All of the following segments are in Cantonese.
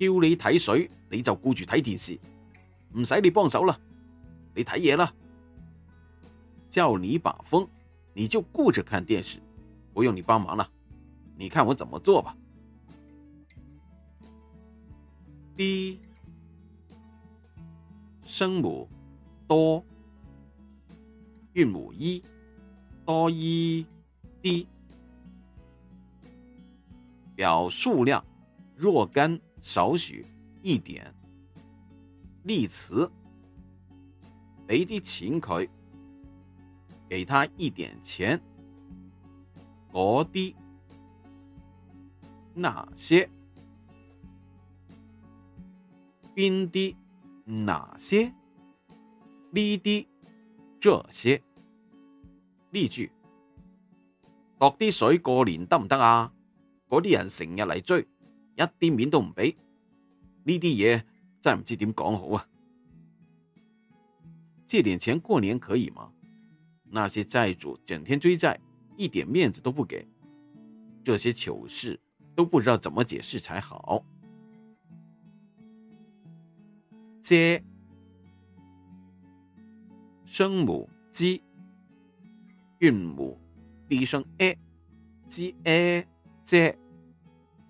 叫你睇水，你就顧住睇電視，唔使你幫手啦。你睇嘢啦。叫你把風，你就顧着看電視，不用你幫忙啦。你看我怎麼做吧。d 聲母多，韻母一多一 d 表數量，若干。少許一點，例詞，俾啲錢佢，給他一點錢，嗰啲那些，邊啲哪些，呢啲這些，例句，度啲水過年得唔得啊？嗰啲人成日嚟追。一啲面都唔俾，呢啲嘢真係唔知點講好啊！借點錢過年可以嗎？那些債主整天追債，一點面子都不給，這些糗事都不知道怎麼解釋才好。嗟，聲母 z，韻母第一聲 e，ze 嗟。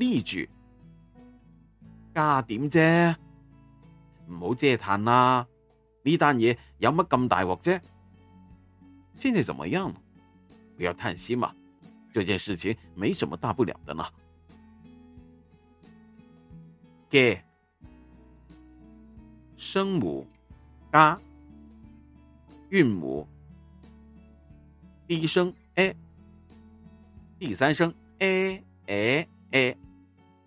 例句，家下點嗟、啊，唔好嗟嘆啦！呢單嘢有乜咁大鑊嗟、啊？現在怎麼樣？不要嘆息嘛、啊，這件事情沒什麼大不了的呢。嘅聲母加韻母第一聲 A，第三聲 A, A, A, A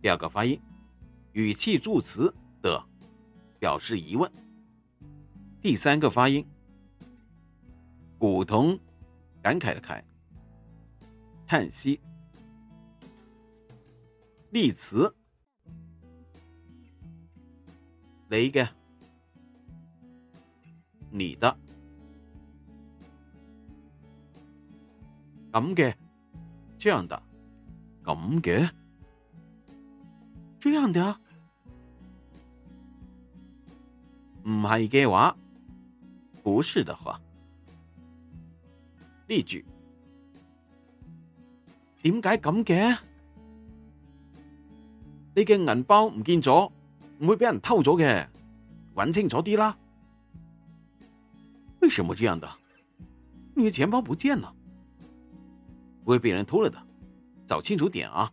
第二個發音，語氣助詞的，表示疑問。第三個發音，古同，感慨的慨，嘆息，例詞，你嘅，你的，咁嘅，這樣的。咁嘅。這樣的，唔係嘅話，不是的話，呢句點解噉嘅？你嘅銀包唔見咗，唔會俾人偷咗嘅，搵清楚啲啦。為什麼這樣的？你的錢包不見了，不會被人偷了的，找清楚點啊！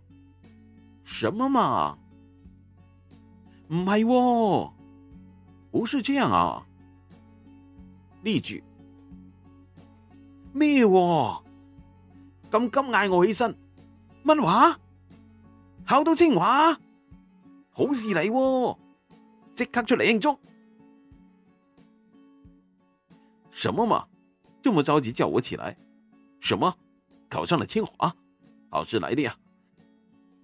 什麼嘛？唔係喎，不是這樣啊。例句，咩喎？咁咁嗌我起身？乜話、啊？考到清華？好事嚟喎、哦，即刻出嚟慶祝！什麼嘛？這麼着急叫我起來？什麼？考上了清華？好事來的呀！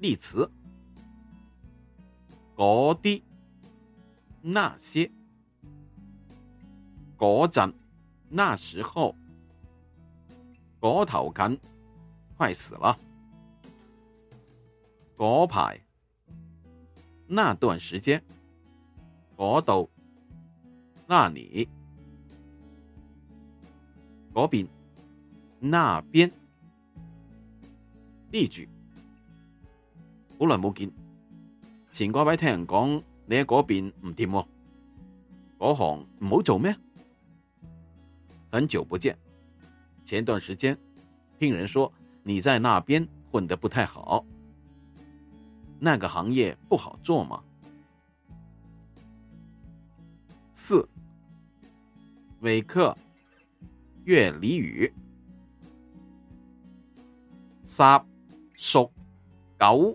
例詞：嗰啲、那些、嗰陣、那時候、嗰頭近、快死啦。嗰排、那段時間、嗰度、那裏、嗰邊、那邊。例句。好耐冇見，前嗰排聽人講你喺嗰邊唔掂，嗰行唔好做咩？很久不見，前段時間聽人說你在那邊混得不太好，那個行業不好做嗎？四每課粵俚語煠熟狗。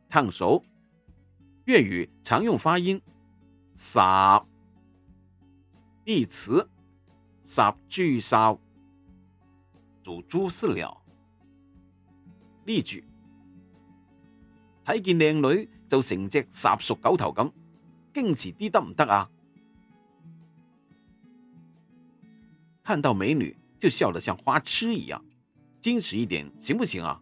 燙手粵語常用發音，煠。例詞，煠豬潲，煮豬飼料。呢句：睇見靚女就成隻煠熟狗頭咁，矜持啲得唔得啊？看到美女就笑得像花痴一樣，矜持一點行不行啊？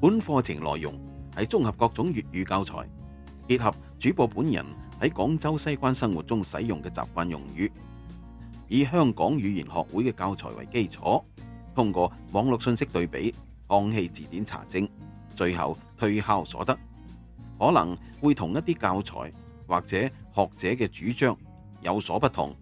本課程內容係綜合各種粵語教材，結合主播本人喺廣州西關生活中使用嘅習慣用語，以香港語言學會嘅教材為基礎，通過網絡信息對比、康熙字典查證，最後推敲所得，可能會同一啲教材或者學者嘅主張有所不同。